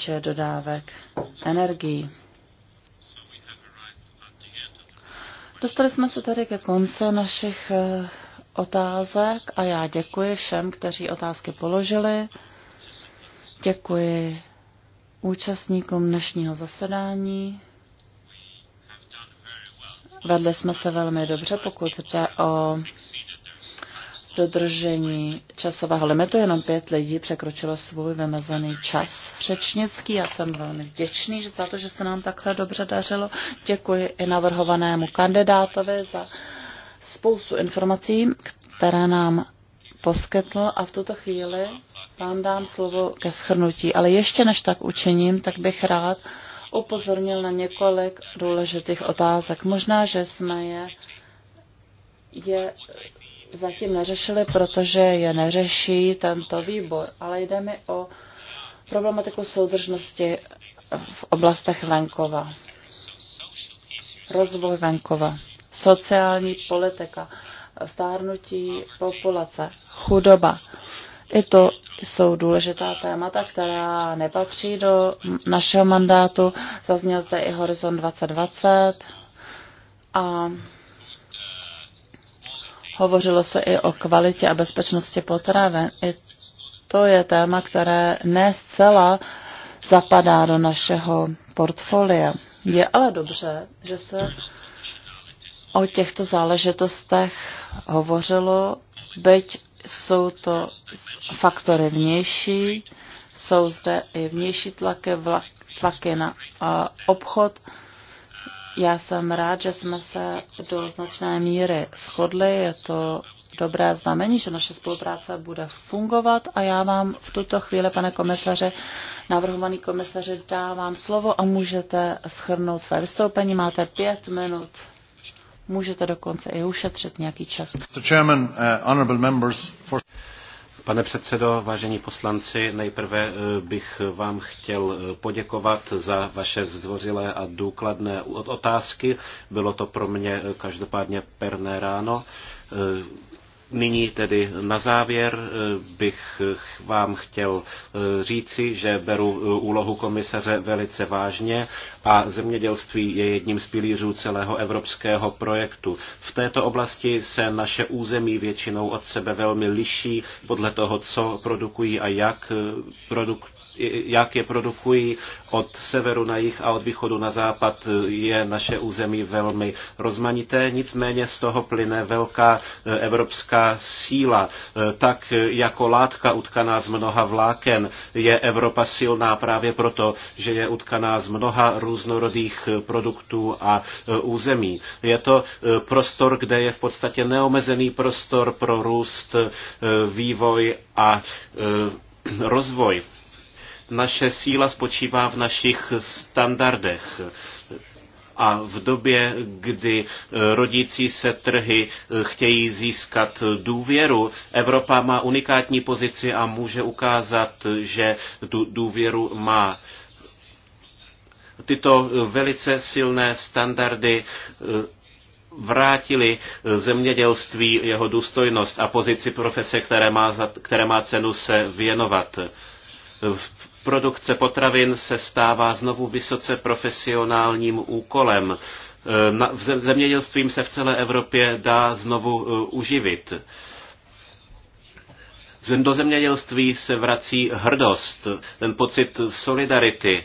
týče dodávek energii. Dostali jsme se tady ke konci našich eh, otázek a já děkuji všem, kteří otázky položili. Děkuji účastníkům dnešního zasedání. Vedli jsme se velmi dobře, pokud jde o dodržení časového limitu. Jenom pět lidí překročilo svůj vymezený čas řečnický. Já jsem velmi vděčný za to, že se nám takhle dobře dařilo. Děkuji i navrhovanému kandidátovi za spoustu informací, které nám poskytl a v tuto chvíli vám dám slovo ke schrnutí. Ale ještě než tak učiním, tak bych rád upozornil na několik důležitých otázek. Možná, že jsme je, je zatím neřešili, protože je neřeší tento výbor, ale jde mi o problematiku soudržnosti v oblastech venkova. Rozvoj venkova, sociální politika, stárnutí populace, chudoba. I to jsou důležitá témata, která nepatří do našeho mandátu. Zazněl zde i Horizon 2020 a Hovořilo se i o kvalitě a bezpečnosti potravin. I to je téma, které ne zcela zapadá do našeho portfolia. Je ale dobře, že se o těchto záležitostech hovořilo, byť jsou to faktory vnější, jsou zde i vnější tlaky, vlak, tlaky na obchod já jsem rád, že jsme se do značné míry shodli. Je to dobré znamení, že naše spolupráce bude fungovat a já vám v tuto chvíli, pane komisaře, navrhovaný komisaře, dávám slovo a můžete schrnout své vystoupení. Máte pět minut. Můžete dokonce i ušetřit nějaký čas. Uh, Pane předsedo, vážení poslanci, nejprve eh, bych vám chtěl eh, poděkovat za vaše zdvořilé a důkladné otázky. Bylo to pro mě eh, každopádně perné ráno. Nyní tedy na závěr eh, bych vám chtěl eh, říci, že beru eh, úlohu komisaře velice vážně a zemědělství je jedním z pilířů celého evropského projektu. V této oblasti se naše území většinou od sebe velmi liší podle toho, co produkují a jak produkují jak je produkují od severu na jih a od východu na západ, je naše území velmi rozmanité. Nicméně z toho plyne velká evropská lidská síla, e, tak jako látka utkaná z mnoha vláken, je Evropa silná právě proto, že je utkaná z mnoha různorodých produktů a e, území. Je to e, prostor, kde je v podstatě neomezený prostor pro růst, vývoj a rozvoj. Naše síla spočívá v našich standardech a v době, kdy eh, rodící se trhy eh, chtějí získat důvěru, Evropa má unikátní pozici a může ukázat, že tu důvěru má. Tyto eh, velice silné standardy vrátili zemědělství jeho důstojnost a pozici profese, které má, které má cenu se věnovat. Produkce potravin se stává znovu vysoce profesionálním úkolem. E, zemědělstvím se v celé Evropě dá znovu e, uživit. Do zemědělství se vrací hrdost, ten pocit solidarity.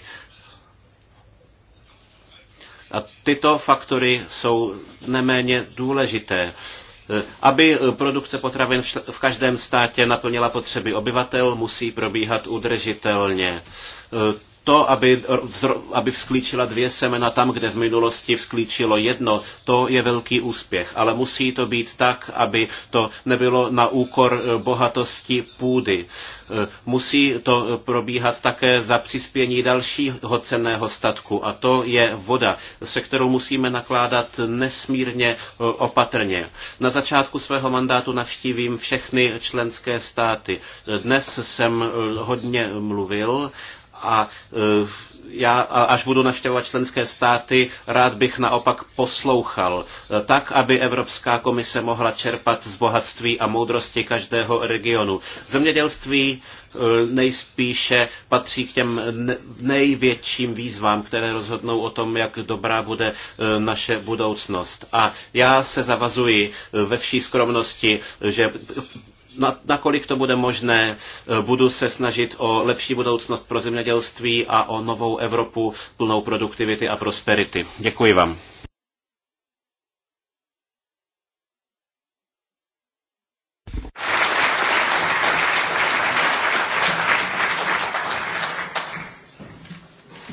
A tyto faktory jsou neméně důležité. Eh, aby eh, produkce potravin v každém státě naplnila potřeby obyvatel, musí probíhat udržitelně. Eh, to, aby, aby vzklíčila dvě semena tam, kde v minulosti vzklíčilo jedno, to je velký úspěch. Ale musí to být tak, aby to nebylo na úkor eh, bohatosti půdy. Eh, musí to eh, probíhat také za přispění dalšího cenného statku a to je voda, se kterou musíme nakládat nesmírně opatrně. Na začátku svého mandátu navštívím všechny členské státy. Dnes jsem hodně mluvil a e, já, až budu navštěvovat členské státy, rád bych naopak poslouchal, e, tak, aby Evropská komise mohla čerpat z bohatství a moudrosti každého regionu. Zemědělství e, nejspíše patří k těm největším výzvám, které rozhodnou o tom, jak dobrá bude naše budoucnost. A já se zavazuji ve vší skromnosti, že na, nakolik to bude možné, e, budu se snažit o lepší budoucnost pro zemědělství a o novou Evropu plnou produktivity a prosperity. Děkuji vám.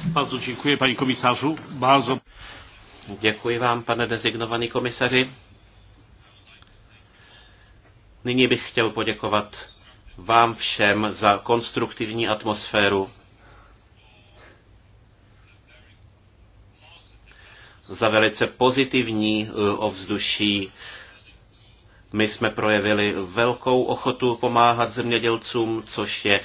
Bardzo dziękuję, panie komisarzu. Bardzo... Děkuji vám, pane dezignovaný komisarzy. Nyní bych chtěl poděkovat vám všem za konstruktivní atmosféru, za velice pozitivní eh, ovzduší. My jsme projevili velkou ochotu pomáhat zemědělcům, což je eh,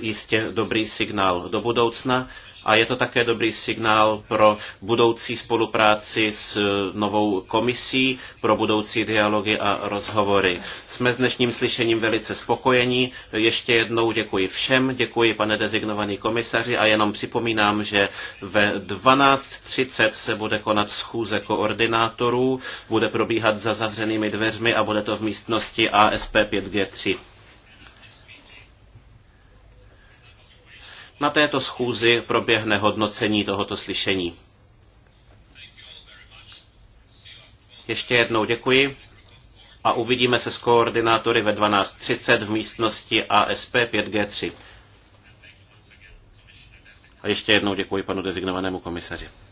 jistě dobrý signál do budoucna a je to také dobrý signál pro budoucí spolupráci s e, novou komisí, pro budoucí dialogy a rozhovory. Jsme s dnešním slyšením velice spokojení. Ještě jednou děkuji všem, děkuji pane dezignovaný komisaři a jenom připomínám, že ve 12.30 se bude konat schůze koordinátorů, bude probíhat za zavřenými dveřmi a bude to v místnosti ASP 5G3. Na této schůzi proběhne hodnocení tohoto slyšení. Ještě jednou děkuji a uvidíme se s koordinátory ve 12.30 v místnosti ASP 5G3. A ještě jednou děkuji panu dezignovanému komisaři.